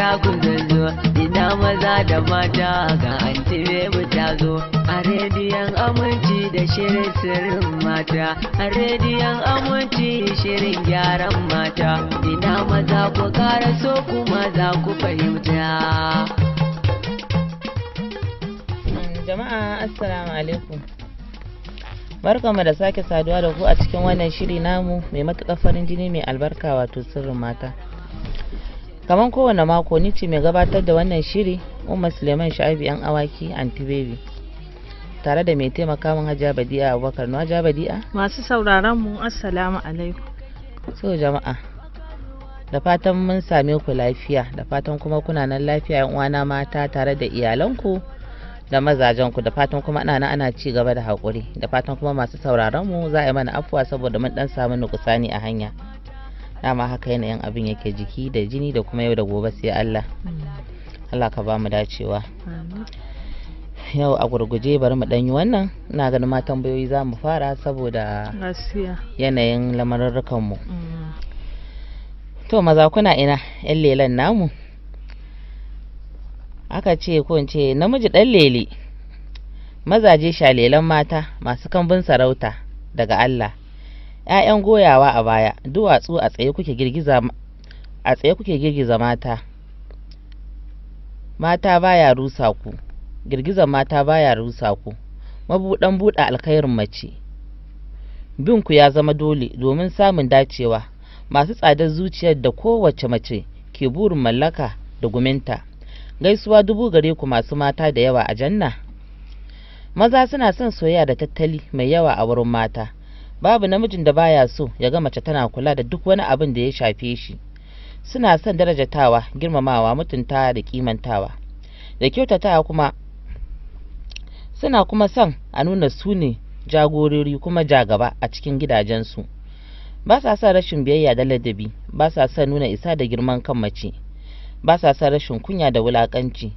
shagun zanzo ina maza da mata ga antibe mu zo a rediyon aminci da shirin sirrin mata a rediyon aminci shirin gyaran mata ina maza ku kara so kuma za ku fahimta jama'a assalamu alaikum barkamu da sake saduwa da ku a cikin wannan shiri namu mai matuƙar farin jini mai albarka wato sirrin mata kamar kowane mako ni ce mai gabatar da wannan shiri umma suleiman sha'ibu yan awaki anti baby tare da mai taimaka min hajiya badi'a abubakar na hajiya badi'a masu sauraron mu assalamu alaikum so jama'a da fatan mun same ku lafiya da fatan kuma kuna nan lafiya yan uwana mata tare da iyalanku da mazajenku da fatan kuma ana ana ci gaba da haƙuri da fatan kuma masu sauraron mu za a yi mana afuwa saboda mun dan samu nukusani a hanya dama haka yanayin abin yake jiki da jini da kuma yau da gobe sai Allah Allah ka ba mu dacewa yau a gurguje bari mu ɗanyi wannan ina ganin ma tambayoyi za mu fara saboda yanayin mu mm. to maza kuna ina yan lelan namu aka ce ko in ce namiji ɗan lele mazaje shalelan mata masu kambun sarauta daga Allah ‘ya'yan goyawa a baya duwatsu a tsaye kuke girgiza a tsaye kuke girgiza mata mata baya rusa ku girgizar mata baya rusa ku mabuɗan buɗe alkhairin mace bin ku ya zama dole domin samun dacewa masu tsadar zuciyar da kowace mace ke burin mallaka da guminta gaisuwa dubu gare ku masu mata da yawa a janna maza suna son soyayya da tattali mai yawa a wurin mata babu namijin da baya so ya ga mace tana kula da duk wani abin da ya shafe shi suna son darajatawa girmamawa mutunta da kimantawa da kyautatawa kuma suna kuma son a nuna su ne jagorori kuma jagaba a cikin gidajensu ba sa son rashin biyayya da ladabi ba sa son nuna isa da girman kan mace ba sa son rashin kunya da wulakanci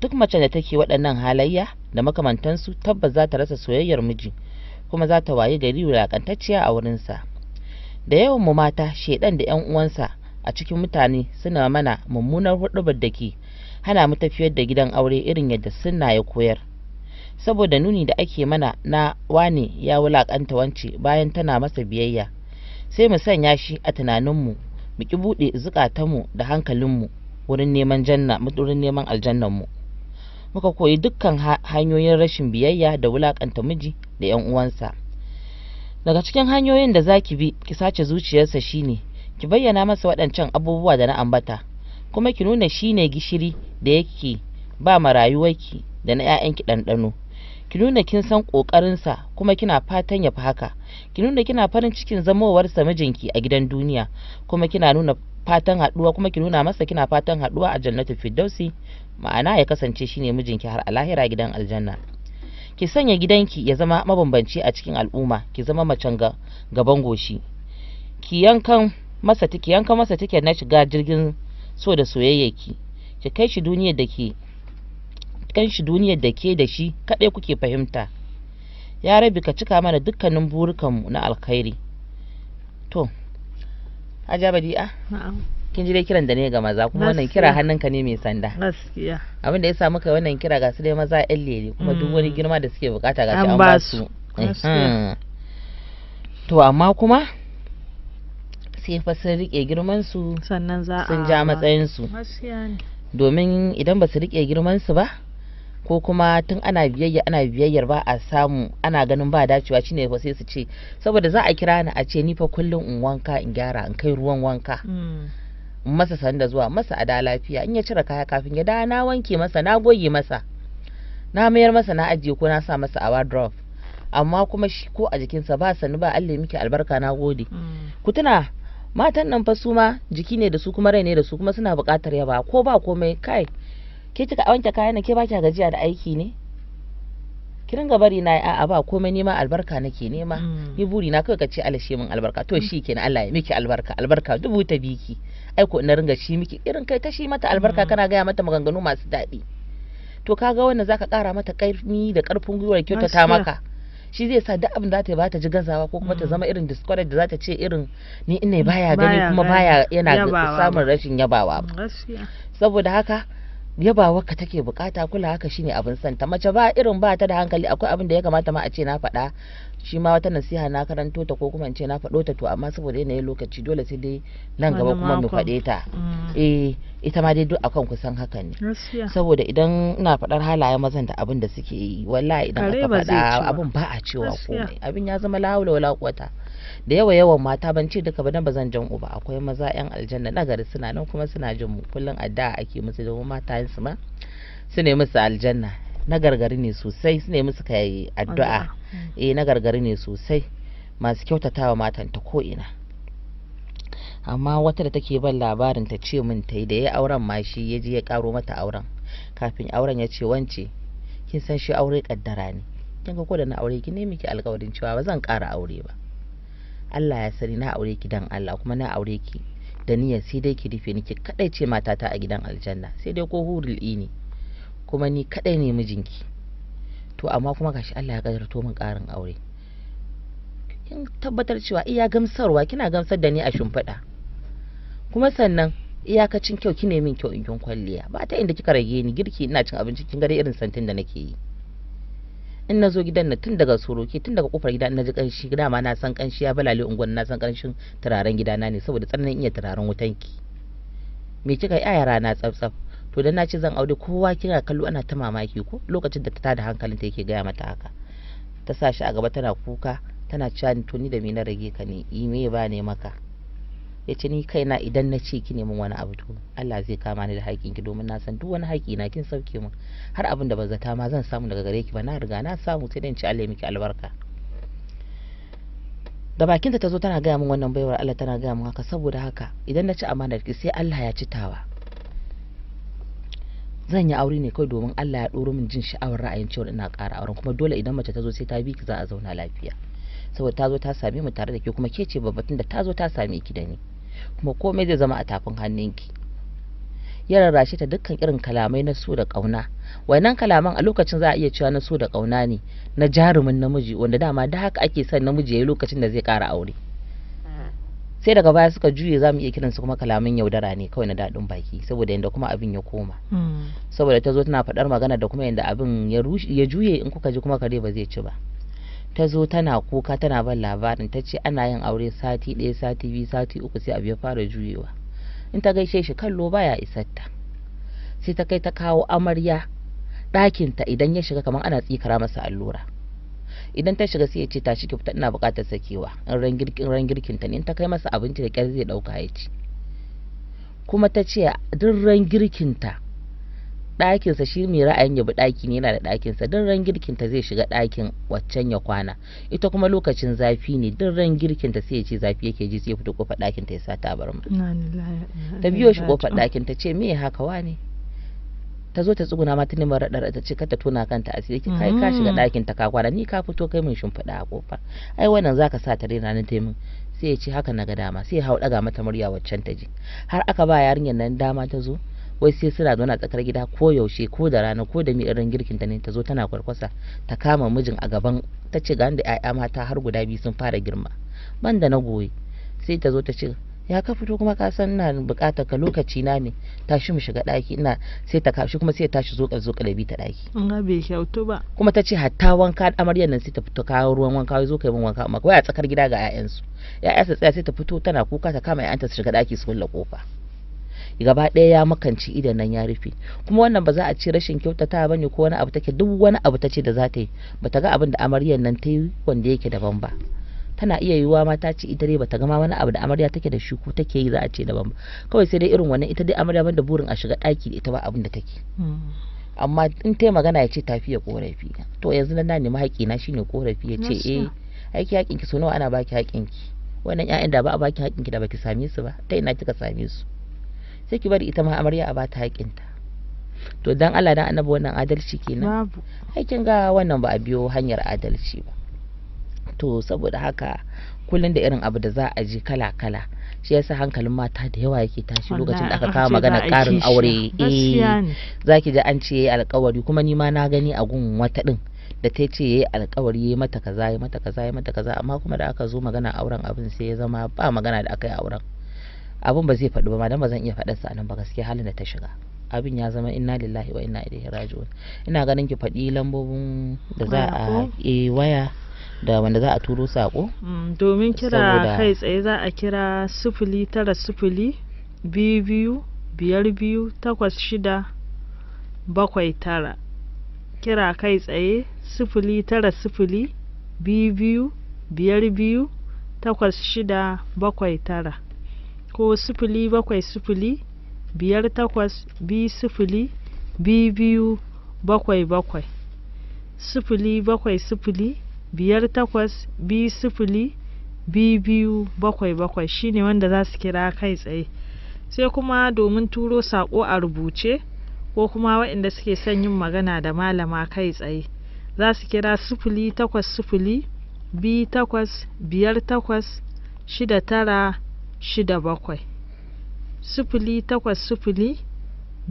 duk mace da take waɗannan halayya da makamantansu tabbas za ta rasa soyayyar miji kuma za ta wayi gari wulakantacciya a wurinsa da yawan mu mata shedan da 'yan uwansa a cikin mutane suna mana mummunar hudubar da ke hana mu tafiyar da gidan aure irin yadda sunna ya koyar saboda nuni da ake mana na wane ya wulakanta wance bayan tana masa biyayya sai mu sanya shi a tunaninmu mu ki buɗe zukatanmu da hankalinmu wurin neman janna wurin neman aljannanmu muka koyi dukkan hanyoyin rashin biyayya da wulakanta miji da 'yan uwansa daga cikin hanyoyin da za ki bi ki sace zuciyarsa shine ki bayyana masa waɗancan abubuwa da na ambata kuma ki nuna shine gishiri da yake ba ma rayuwarki da na 'ya'yanki ɗanɗano ki nuna kin san ƙoƙarinsa kuma kina fatan ya fi haka ki nuna kina farin cikin zamowarsa mijinki a gidan duniya kuma kina nuna fatan haɗuwa kuma ki nuna masa kina fatan haɗuwa a jannatul firdausi ma'ana ya kasance shine mijinki har a lahira gidan aljanna ki sanya gidanki ya zama mabambanci a cikin al'umma ki zama macen ga gaban goshi ki yankan masa tiki yankan masa tiki na shiga jirgin so da soyayyaki ki kai shi duniyar da ke kan shi duniyar da ke da shi kaɗai kuke fahimta ya rabi ka cika mana dukkanin burukanmu na alkhairi to haja badi'a kin ji dai kiran da ne ga maza kuma wannan kira hannunka ne mai sanda abin da ya samu kai wannan kira ga su dai maza yan lele kuma duk wani mm. girma da suke bukata ga an ba su to amma kuma sai fa sun rike girman su sannan za sun ja matsayin su domin idan ba su rike girman su ba ko kuma tun ana biyayya ana biyayyar ba a samu ana ganin ba dacewa shine ba sai su ce saboda za a kira ni a ce ni fa kullum in wanka in gyara in kai ruwan wanka mm. in masa sanda zuwa masa ada lafiya in ya cire kaya kafin ya da na wanke masa na goge masa na mayar masa na ajiye ko na sa masa a wardrobe amma kuma shi ko a jikinsa ba sani ba Allah miki albarka na gode mm. ku tuna matan nan fa su ma jiki ne da su kuma rai ne da su kuma suna buƙatar yaba ko ba komai kai ke ka wanke kayan ke baki gajiya da aiki ne ki ringa bari na a'a ba komai nema albarka nake nema mm. ni buri na kai ka ce Allah shi min albarka to mm. shi kenan Allah ya miki albarka albarka dubu ta biki ai ko ina ringa shi miki irin kai ta shi mata albarka mm. kana gaya mata maganganu masu daɗi to kaga wannan zaka kara mata karfi da karfin gwiwar kyautata maka shi zai sa duk abin da ta ba ta ji gazawa ko kuma ta zama irin discourage da za ta ce irin ni ina baya gani kuma baya yana samun rashin yabawa saboda haka yabawa ka take bukata kula haka shine abin santa mace ba irin ba ta da hankali akwai abin da ya kamata ma a ce na faɗa shi ma wata nasiha na karanto ta ko kuma in ce na faɗo ta to amma saboda yanayin lokaci dole sai dai nan gaba kuma mu faɗe ta mm. eh ita ma dai duk akan kusan haka ne saboda idan ina faɗar halaye mazan da abin da suke yi wallahi idan aka faɗa abin ba a cewa komai abin ya zama lahaula wala kwata da yawa yawan mata ban ce duka ba dan bazan jan uba akwai maza yan aljanna na gari suna nan kuma suna jin mu kullun addu'a ake musu domin matayen su ma su ne musu aljanna na gargari ne sosai su nemi suka yi addu'a eh na gargari ne sosai masu kyautatawa matan ta ko ina amma wata da take ban labarin ta ce min ta yi da ya auren ma shi ya je ya karo mata auren kafin auren ya ce wance kin san shi aure kaddara ne kin ga ko da na aure ki ne miki alƙawarin cewa ba zan ƙara aure ba Allah ya sani na aure ki dan Allah kuma na aure ki da niyyar sai dai ki rufe ni ki kadai ce matata a gidan aljanna sai dai ko hurul ini kuma ni kadai ne mijinki to amma kuma gashi Allah ya to min karin aure in tabbatar cewa iya gamsarwa kina gamsar da ni a shimfiɗa kuma sannan iyakacin kyau kine min kyau in kin kwalliya ba ta inda kika rage ni girki ina cin abinci kin dai irin santin da nake yi in nazo gidan na tun daga soroki tun daga kofar gida na ji kanshi dama na san kanshi ya balale unguwan na san kanshin turaren gidana ne saboda tsananin iya turaren wutanki me kika yi a yara na tsaf to dan na ce zan aure kowa kina kallo ana ta mamaki ko lokacin da ta tada hankalin ta yake gaya mata haka ta sa shi a gaba tana kuka tana cewa ni to ni da me na rage ka ne yi eh, me ba ne maka ya ce ni kaina idan na ce ki neman wani abu to Allah zai kama ni da haƙin ki domin na san duk wani haƙi na kin sauke min har abin da ban zata ma zan samu daga gare ki ba na riga na samu sai dan ci Allah ya miki albarka da bakinta ta zo tana gaya min wannan baiwar Allah tana gaya min haka saboda haka idan na ci amanar ki sai Allah ya ci tawa zan yi aure ne kawai domin Allah ya ɗoro min jin sha'awar ra'ayin cewa ina ƙara auren kuma dole idan mace ta zo sai ta bi ki za a zauna lafiya saboda ta zo ta same mu tare da ke kuma ke ce babbatun da ta zo ta same ki da ni kuma komai zai zama a tafin hannunki ya rarrashe ta dukkan irin kalamai na so da ƙauna wannan kalaman a lokacin za a iya cewa na so da ƙauna ne na jarumin namiji wanda dama da haka ake son namiji ya yi lokacin da zai ƙara aure sai daga baya suka juye za mu iya kiransu kuma kalaman yaudara ne kawai na daɗin baki saboda yadda kuma abin ya koma hmm. saboda ta zo tana faɗar magana da kuma yadda abin ya juye in kuka ji kuma kare ba zai ci ba ta zo tana kuka tana ban labarin ta ce ana yin aure sati ɗaya sati biyu sati uku sai abu ya fara juyewa in ta gaishe shi kallo baya isarta sai ta kai ta kawo amarya ɗakinta idan ya shiga kamar ana tsikara masa allura idan ta shiga sai ya ce ta ki fita ina bukatar sakewa in ran girkin ta ne in ta kai masa abinci da kyar zai dauka ya ci kuma ta ce duk ran girkin ta ɗakinsa shi mai ra'ayin ya bi ɗaki ne yana da sa duk ran ta zai shiga ɗakin waccan ya kwana ita kuma lokacin zafi ne duk ran ta sai ya ce zafi yake ji sai ya fito kofar ta ya sa tabarma ta biyo shi kofar ɗakin ta ce me haka wa ne ta zo ta tsuguna mata ta nemi tace ta ce ta tona kanta a sai kai ka shiga mm-hmm. ɗakin ta ka kwana ni ka fito kai min shimfiɗa a kofa ai wannan zaka sa ta rena nan ta mun sai ya ce haka na ga dama sai ya hau ɗaga mata murya waccan ta ji har aka ba yarinyar nan dama ta zo wai sai suna zaune tsakar gida ko yaushe ko da rana ko da mi girkin ta ne ta zo tana kwarkwasa ta kama mijin a gaban ta ce ga da 'ya'ya mata har guda biyu sun fara girma ban da na goyi sai ta zo ta ce ya ka fito kuma ka san na bukatar ka lokaci na ne tashi mu shiga daki ina sai ta kashi kuma sai tashi zo ka zo da ta daki an ga bai kyautu ba kuma ta ce hatta wanka amaryar nan sai ta fito kawo ruwan wanka zo kai min wanka amma wai a tsakar gida ga ƴaƴan su ƴaƴa su tsaya sai ta fito tana kuka ta kama ƴaƴanta su shiga daki su kulle kofa gaba ɗaya ya makanci idan nan ya rufe kuma wannan ba za a ce rashin kyautata ba ne ko wani abu take duk wani abu ta ce da za ta yi ba ta ga abin da amaryar nan ta yi wanda yake daban ba tana iya yiwuwa mata ce ita dai bata gama wani abu da amarya take da shi ko take yi za a ce daban kawai sai dai irin wannan ita dai amarya banda burin a shiga ɗaki da ita ba abin da take hmm. amma in ta magana ya ce ta fiye korafi to yanzu na nemi haƙi na shine korafi ya ce eh aiki haƙin ki so nawa ana baki haƙin ki wannan ƴaƴan da ba a baki haƙin ki da baki same su ba ta ina kika same su sai ki bari ita ma amarya a bata haƙin ta to dan Allah dan annabi wannan adalci kenan aikin ga wannan ba a biyo hanyar adalci ba to saboda haka kullum da irin abu da za a ji kala kala shi yasa hankalin mata da yawa yake tashi lokacin da aka kawo magana karin aure eh zaki ji an ce alkawari kuma ni ma na gani a gun wata din da ta ce yayi alkawari yayi mata kaza yayi mata kaza yayi mata kaza amma kuma da aka zo magana auren abin sai ya zama ba magana da aka yi auren abin ba zai faɗi ba madan ba zan iya faɗar sa nan ba gaskiya halin da ta shiga abin ya zama inna lillahi wa inna ilaihi raji'un ina ganin ki faɗi lambobin da za a waya da wanda za a turo sako mm, domin kira kai tsaye za a kira sufuli tara sufuli biyu biyu biyar biyu takwas shida bakwai tara kira kai tsaye sufuli tara sufuli biyu biyu biyar biyu takwas shida bakwai tara ko sufuli bakwai sufuli biyar takwas biyu sufuli biyu biyu bakwai bakwai sufuli bakwai sufuli biyar takwas bi sifili biyu bakwai bakwai shine wanda za su kira kai tsaye sai kuma domin turo saƙo a rubuce ko kuma waɗanda suke son yin magana da malama kai tsaye za su kira sifili takwas sifili bi takwas biyar takwas shida tara shida bakwai sifili takwas sifili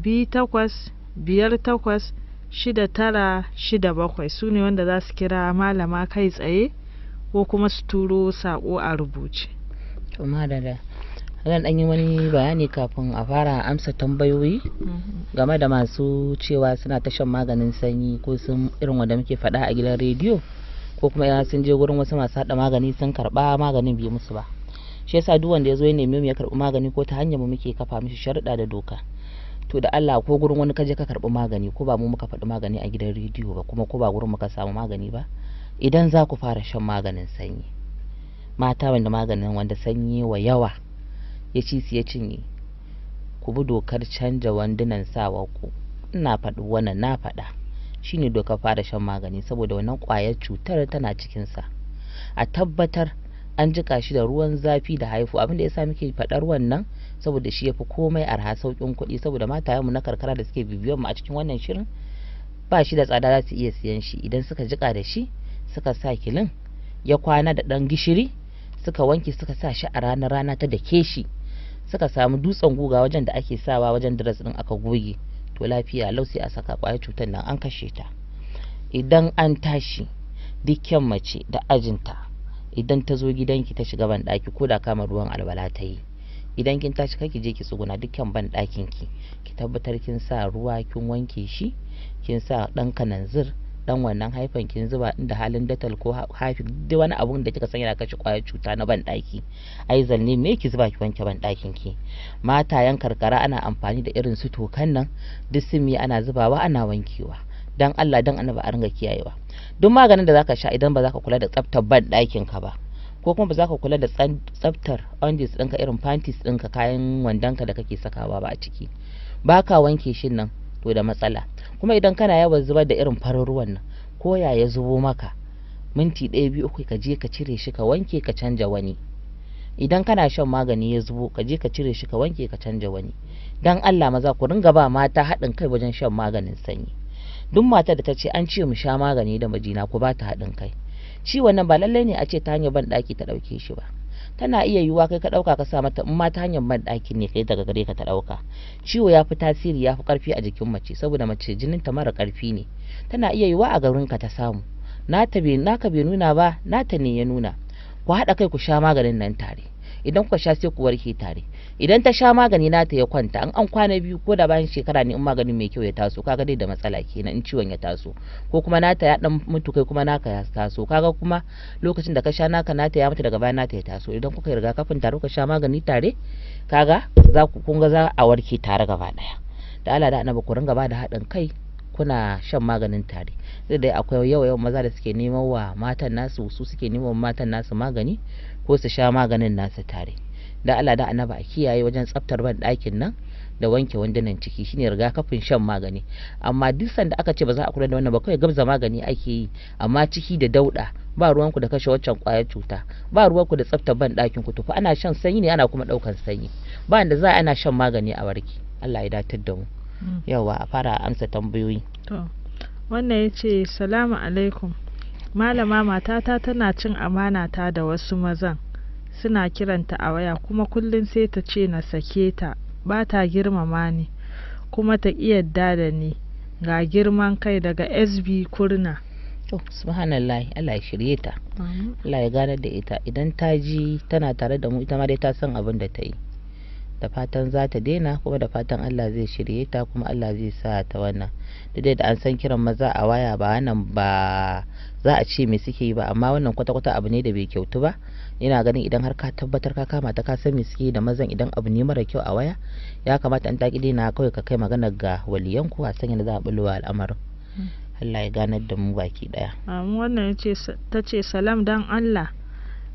bi takwas biyar takwas shida tara shida bakwai su ne wanda za su kira malama kai tsaye ko kuma su turo saƙo a rubuce. to zan ɗan yi wani bayani kafin a fara amsa tambayoyi mm-hmm. game da masu cewa suna ta shan maganin sanyi ko sun irin wanda muke faɗa a gidan rediyo ko kuma sun je wurin wasu masu haɗa magani sun karɓa maganin bai musu ba shi yasa duk wanda ya zo ya nemi mu ya karɓi magani ko ta hanyar mu muke kafa mishi sharuɗa da doka to da Allah ko gurin wani kaje ka karbi magani ko ba mu muka faɗi magani a gidan rediyo ba kuma ko ba gurin muka samu magani ba idan za ku fara shan maganin sanyi mata wanda maganin wanda sanyi wa yawa ya ci su ya cinye ku bi dokar canja wandunan sawa ku ina faɗi wannan na faɗa shine doka fara shan magani saboda wannan kwayar cutar tana cikin sa a tabbatar an jika shi da ruwan zafi da haifu abinda ya sa muke faɗar wannan saboda shi yafi komai arha saukin kuɗi saboda matayenmu na karkara da suke bibiyon mu a cikin wannan shirin ba shi da tsada za su iya siyan shi idan suka jika da shi suka sa kilin ya kwana da ɗan gishiri suka wanke suka sa shi a ranar rana ta dake shi suka samu dutsen guga wajen da ake sawa wajen dress din aka goge to lafiya lau sai a saka kwayar cutar nan an kashe ta idan an tashi dukkan mace da ajinta idan ta zo gidanki ta shiga ban ko da kama ruwan albala ta yi idan kin tashi kai ki je ki tsuguna dukkan ban ɗakin ki ki tabbatar kin sa ruwa kin wanke shi kin sa ɗan kananzir dan wannan haifan kin zuba inda halin datal ko hafi duk wani abun da kika san yana kashe kwayar cuta na ban ɗaki ai zalne me ki zuba ki wanke ban ɗakin ki yan karkara ana amfani da irin su tokan nan duk sumi ana zubawa ana wankewa dan Allah dan annabi a ringa kiyayewa duk maganin da zaka sha idan ba zaka kula da tsaftar ban ɗakin ka ba ko kuma ba za ka kula da tsaftar undies ɗinka irin panties ɗinka kayan wandonka da kake sakawa ba a ciki ba ka wanke shi nan to da matsala kuma idan kana yawan zubar da irin farin ruwan nan ko ya ya zubo maka minti ɗaya biyu uku ka je ka cire shi ka wanke ka canja wani idan kana shan magani ya zubo ka je ka cire shi ka wanke ka canja wani dan Allah maza ku ringa ba mata haɗin kai wajen shan maganin sanyi duk matar da ta ce an ce mu sha magani da majina ku ba ta haɗin kai ciwon nan ba lallai ne a ce ta hanyar ban ɗaki ta ɗauke shi ba tana iya yiwuwa kai ka ɗauka ka sa mata in ma ta hanyar ban ɗaki ne kai daga gare ka ta ɗauka ciwo ya fi tasiri ya fi ƙarfi a jikin mace saboda mace jinin ta mara ƙarfi ne tana iya yiwuwa a garin ka ta samu na ta naka bai nuna ba nata ne ya nuna ku haɗa kai ku sha maganin nan tare idan kuka sha sai ku warke tare idan ta sha magani nata ya kwanta an an kwana biyu ko da bayan shekara ne in magani mai kyau ya taso kaga dai da matsala kenan in ciwon ya taso ko kuma nata ya dan mutu kai kuma naka ya taso kaga kuma lokacin da ka sha naka nata ya mutu daga bayan nata ya taso idan kuka riga kafin tare kuka sha magani tare kaga za ku kun ga za a warke tare gaba daya da Allah da annabi ku ringa ba da haɗin kai kuna shan maganin tare sai dai akwai yau yawan maza da suke neman wa matan nasu su suke neman matan nasu magani ko su sha maganin nasu tare da Allah da annaba a kiyaye wajen tsaftar ban ɗakin nan da wanke wandunan ciki shine riga kafin shan magani amma duk sanda aka ce ba za a kula da wannan ba kawai gabza magani ake yi amma ciki da dauda ba ruwanku da kashe waccan kwayar cuta ba ruwanku da tsaftar ban ɗakin ku tufa ana shan sanyi ne ana kuma ɗaukan sanyi ba inda za a ana shan magani a warki Allah ya datar da mu mm. yawa a fara amsa tambayoyi to wannan ya ce salamu alaikum malama matata tana cin amana ta da wasu mazan suna kiranta a waya kuma kullum sai ta ce na sake ta ba ta girmama ni kuma ta iya da ni ga girman kai daga sb kurna to subhanallah Allah ya shirye ta Allah ya gane da ita idan ta ji tana tare da mu ita ma dai ta san abin da ta yi da fatan za ta daina kuma da fatan Allah zai shirye ta kuma Allah zai sa ta wannan duk da an san kiran maza a waya ba nan ba za a ce me suke yi ba amma wannan kwata-kwata abu ne da bai kyautu ba ina ganin idan har ka tabbatar ka kama ta ka san me suke da mazan idan abu ne mara kyau a waya ya kamata an taƙi na kawai ka kai magana ga waliyan ku a sanya da za a bulwa al'amarin Allah ya ganar da mu baki daya ah, wannan ta ce salam dan Allah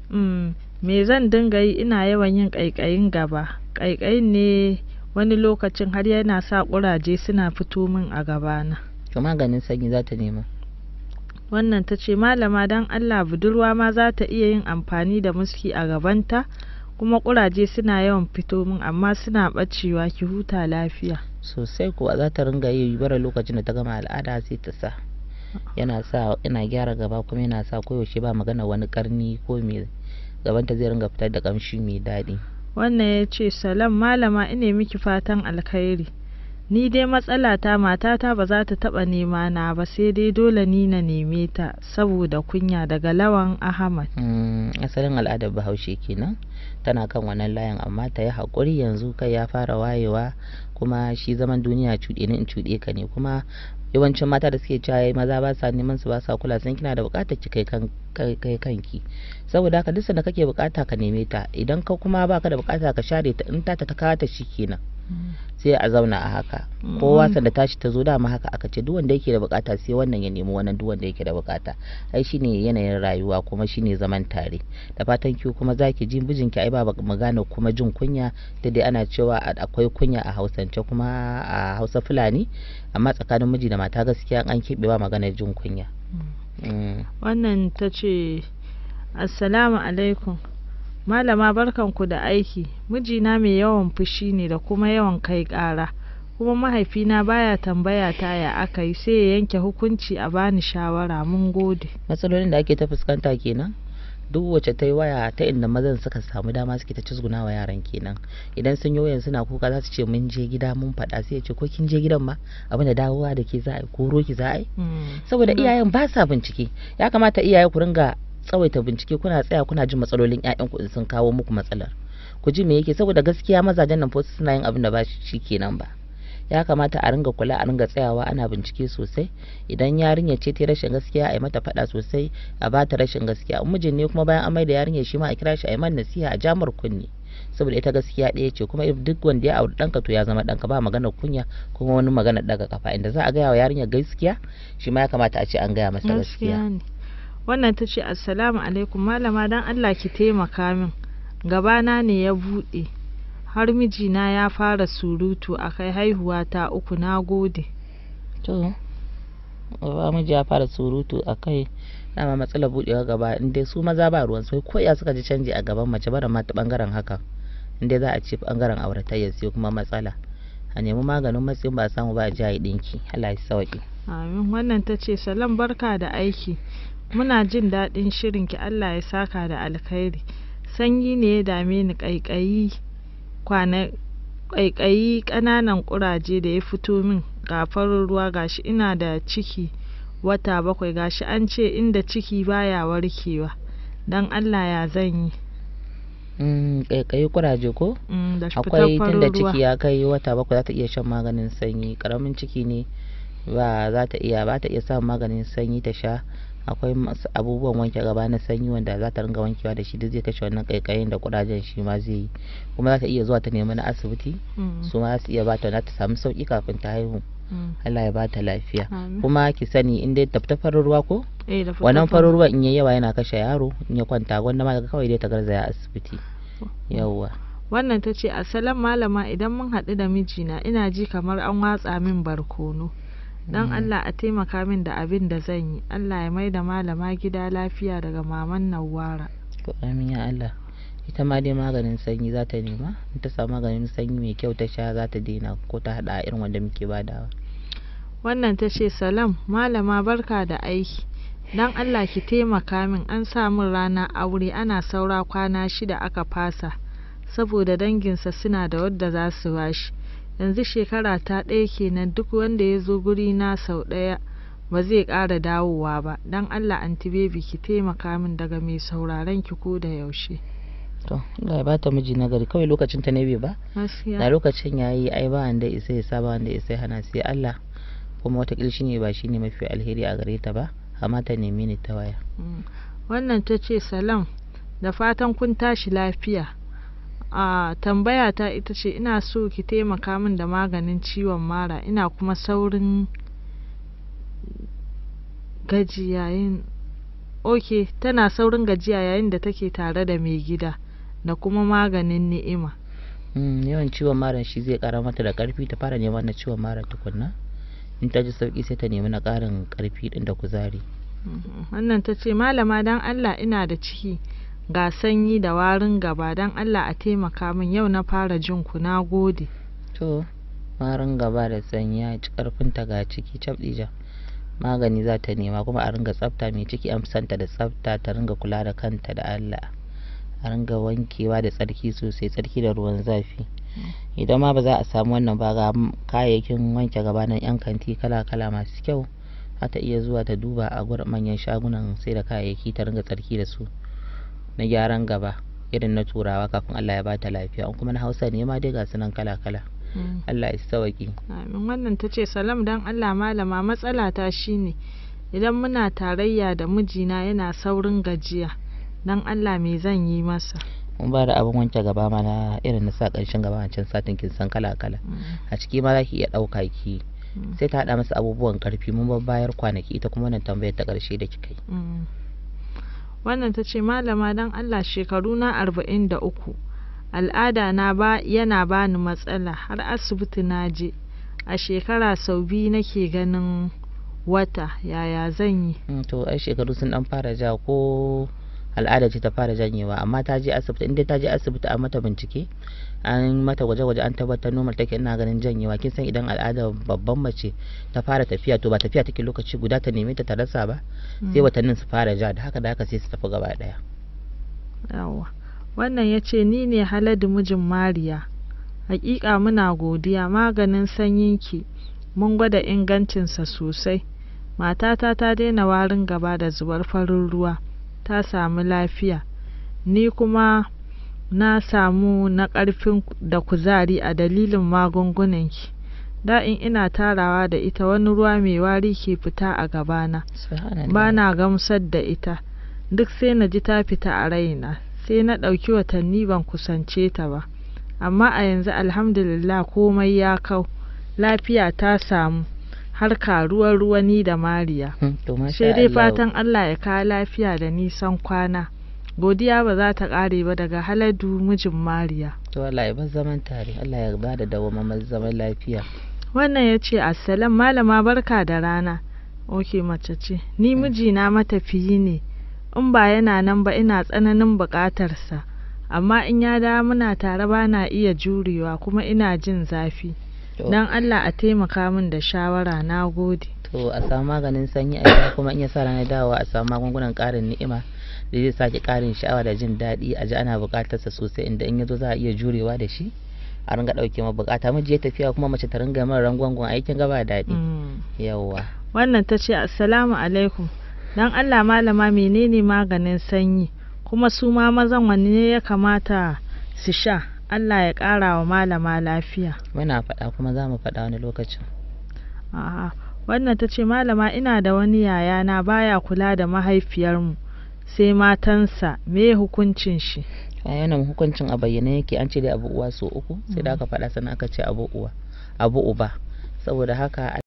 mm, me zan dinga yi ina yawan yin ƙaiƙayin gaba kaikai ne wani lokacin har yana sa kuraje suna fito min a gabana to maganin sanyi za ta nema wannan ta ce malama don allah budurwa ma za ta iya yin amfani da muski a gabanta kuma kuraje suna yawan fito min amma suna bacewa ki huta lafiya sosai kuwa za ta ringa yi bara lokacin da ta gama al'ada sai ta sa yana sa ina gyara gaba kuma yana sa koyaushe ba magana wani karni ko me gabanta zai ringa fitar da kamshi mai daɗi wannan ya ce salam malama ina miki fatan alkhairi ni dai matsala matsalata matata ba za ta taɓa nema na ba sai dai dole ni na neme ta saboda kunya daga lawan ahmad mm, asalin al'adar bahaushe kenan tana kan wannan layin amma ta yi haƙuri yanzu kai ya fara wayewa kuma shi zaman duniya cuɗe ni in cuɗe ka ne kuma yawancin mata da suke cewa maza ba sa neman su ba sa kula sun kina da bukatar ki kai kanki saboda haka duk sanda kake bukata ka neme ta idan ka kuma baka da bukata ka share ta in ta ta kawata ta kenan sai a zauna a haka mm. kowa da tashi ta zo dama haka aka ce duk wanda yake da bukata sai wannan ya nemi wannan duk wanda yake da bukata ai shine yanayin rayuwa kuma shine zaman tare da fatan ki kuma zaki jin bijinki ai ba magana kuma jin kunya da dai ana cewa akwai kunya a hausance kuma a hausa fulani amma tsakanin miji da mata gaskiya an keɓe ba magana jin kunya mm. Mm. wannan ta ce assalamu alaikum Malama barkanku da aiki, mijina mai yawan fushi ne da kuma yawan kai ƙara, kuma mahaifina baya tambaya ta ya aka yi sai ya yanke hukunci a bani shawara mun gode. Matsalolin da ake ta fuskanta kenan? duk wacce ta yi waya ta inda mazan suka samu dama suke ta cizguna wa yaran kenan idan sun yi wayan suna kuka za su ce mun je gida mun faɗa sai ya ce ko kin je gidan ma abin da dawowa da ke za a yi ko roki za a yi hmm. saboda hmm. iyayen ba sa bincike ya kamata iyaye ku ringa tsawaita bincike kuna tsaya kuna jin matsalolin ƴaƴanku in sun kawo muku matsalar ku ji me yake saboda gaskiya mazajen nan fosu suna yin abin da ba shi kenan ba ya kamata a ringa kula a ringa tsayawa ana bincike sosai idan yarinya ce ta rashin gaskiya a yi mata faɗa sosai a ba ta rashin gaskiya mijin ne kuma bayan amai da yarinya shi ma a kira shi a yi man nasiha a jamar kunni saboda ita gaskiya ɗaya ce kuma duk wanda ya auri ɗanka to ya zama ɗanka ba maganar kunya kuma wani maganar ɗaga kafa inda za a gaya wa yarinya gaskiya shi ma ya kamata a ce an gaya masa gaskiya wannan ta ce assalamu alaikum malama don allah ki taimaka min gabana ne ya buɗe har mijina ya fara surutu a kai haihuwa ta uku na gode to ba miji ya fara surutu a kai dama matsalar buɗewa gaba inda su maza ba ruwan sai ko ya suka ji canji a gaban mace bara mata bangaren haka inda za a ce bangaren auratayya sai kuma matsala a nemi maganin matsayin ba samu ba a ji a yi ɗinki Allah ya sauki amin wannan ta ce salam barka da aiki Muna jin daɗin shirinki Allah ya saka da alkhairi. Sanyi ne ya dame ni ƙaiƙayi ƙananan ƙuraje da ya fito min ga farin ruwa gashi ina da ciki wata bakwai gashi an ce inda ciki baya warkewa don Allah ya zan yi. Mm, ƙaiƙayi ƙuraje ko mm, akwai tunda ciki ya kai wata bakwai za ta iya shan maganin sanyi ƙaramin ciki ne ba za ta iya ba ta iya samun maganin sanyi ta sha akwai abubuwan wanke gaba na sanyi wanda za ta ringa wankewa da shi duk zai kashe wannan kaikayin da kudajen shi ma zai yi kuma za ta iya zuwa ta nemi na asibiti mm. su ma za su iya bata na ta samu sauki kafin ta haihu mm. Allah ya bata lafiya kuma ki sani in dai tafta farar ruwa ko eh, wannan farar ruwa in yayi yawa yana kashe yaro in ya kwanta gwanda ma kawai dai ta garzaya asibiti yawwa wannan ta ce a salon malama idan mun haɗu da mijina ina ji kamar an watsa min barkono don mm. allah a taimaka min da abin da zan yi allah ya mai da malama gida lafiya daga maman nawara ko amin ya allah ita ma dai maganin sanyi za ta nema in ta samu maganin sanyi mai kyau ta sha za ta daina ko ta hada irin wanda muke badawa wannan ta ce salam malama barka da aiki don allah ki taimaka min an samu rana aure ana saura kwana shida aka fasa saboda danginsa suna da wadda za su bashi yanzu shekara ta ɗaya kenan duk wanda ya zo guri na sau ɗaya ba zai ƙara dawowa ba don allah anti baby ki taimaka min daga mai sauraron ki ko da yaushe to da ya bata miji na gari kawai lokacin ta ne bai ba na lokacin yayi ai ba wanda isa ya saba wanda isa ya hana sai Allah kuma wata shi ne ba shine mafi alheri a gare ta ba amma ta nemi ni ta waya mm. wannan ta ce salam da fatan kun tashi lafiya a tambaya ta ita ce ina so ki taimaka min da maganin ciwon mara ina kuma saurin gaji yayin ok tana saurin gajiya yayin da take tare da mai gida da kuma maganin ni'ima hmm, yawan ciwon mara shi zai kara mata da karfi ta fara neman na ciwon mara tukunna in ta ji sauki sai ta nemi na karin karfi din da kuzari hmm, wannan ta ce malama dan allah ina da ciki ga sanyi da warin gaba don allah a taimaka min yau na fara jin ku na gode to warin gaba da sanyi ya ci karfinta ga ciki cabdija magani za ta nema kuma a ringa tsafta mai ciki amsanta da tsafta ta ringa kula da kanta da allah a ringa wankewa da tsarki sosai tsarki da ruwan zafi idan ma ba za a samu wannan ba ga kayayyakin wanke gaba nan yan kanti kala kala masu kyau za ta iya zuwa ta duba a gurin manyan shagunan sai da kayayyaki ta ringa tsarki da su na gyaran gaba irin na turawa kafin Allah ya bata lafiya in kuma na hausa ne ma dai ga sunan kala kala mm. Allah ya sauki amin wannan ta ce salam dan Allah malama matsala ta shine idan muna tarayya da mijina yana saurin gajiya dan Allah me zan yi masa mun ba da abin wanke gaba mana irin na sa karshen gaba a can satin kin san kala kala mm. a ciki ma za ki iya ɗauka ki mm. sai ta haɗa masa abubuwan karfi mun bayar kwanaki ita kuma wannan tambayar ta karshe da kika yi wannan ta ce malama don allah shekaru na arba'in da uku al'ada na ba yana bani matsala har asibiti na je a shekara sau biyu nake ganin wata yaya zan yi to ai shekaru sun dan fara ja ko al'ada ce ta fara janyewa amma ta je asibiti inda ta je asibiti a mata bincike an mata gwaje-gwaje an tabbatar normal take ina ganin janyewa kin san idan al'ada babban mace ta fara tafiya to ba tafiya take lokaci guda ta neme ta tarasa ba hmm. sai watannin su fara ja da haka da haka sai su tafi gaba daya yawa wannan ya ce ni ne haladu mijin mariya hakika muna godiya maganin sanyin ki mun gwada ingancinsa sosai matata ta daina warin gaba da zubar farin ruwa ta samu lafiya, ni kuma na samu na ƙarfin da kuzari a dalilin magungunanki. in ina tarawa da ita wani ruwa mai wari ke fita a gabana, ba na gamsar da ita, duk sai na ji ta fita a raina, sai na ɗauki watanni ban kusance ta ba. Amma a yanzu alhamdulillah komai ya kau, lafiya ta samu. har karuwar ruwa ni da mariya hmm, sai dai fatan allah ya kawo lafiya da nisan kwana godiya ba za ta ƙare ba daga haladu mijin mariya to allah ya bar zaman tare allah ya ba da zaman lafiya wannan ya ce assalam malama barka da rana ok mace ce ni hmm. mijina matafiyi ne in ba yana nan ba ina tsananin buƙatarsa amma in ya damuna muna tare ba na iya jurewa kuma ina jin zafi don Allah a taimaka min da shawara na gode to a samu maganin sanyi a gida kuma in ya sa ranar dawowa a samu magungunan ƙarin ni'ima da zai sake ƙarin sha'awa da jin daɗi a ji ana buƙatarsa sosai inda in ya zo za a iya jurewa da shi a ringa ɗauke ma bukata miji ya tafiya kuma mace ta ringa min rangwangon aikin gaba daɗi mm. yawwa wannan ta ce assalamu alaikum dan Allah malama menene maganin sanyi kuma su ma mazan wanne ya kamata su sha Allah ya ƙara wa malama lafiya muna faɗa kuma za mu faɗa wani lokacin a'a wannan ta ce malama ina da wani yaya na baya kula da mahaifiyarmu sai matansa me hukuncin shi yanan hukuncin a bayyane yake an ce dai abu uwa so uku sai da mm. aka faɗa sannan aka ce abu uwa abu uba saboda haka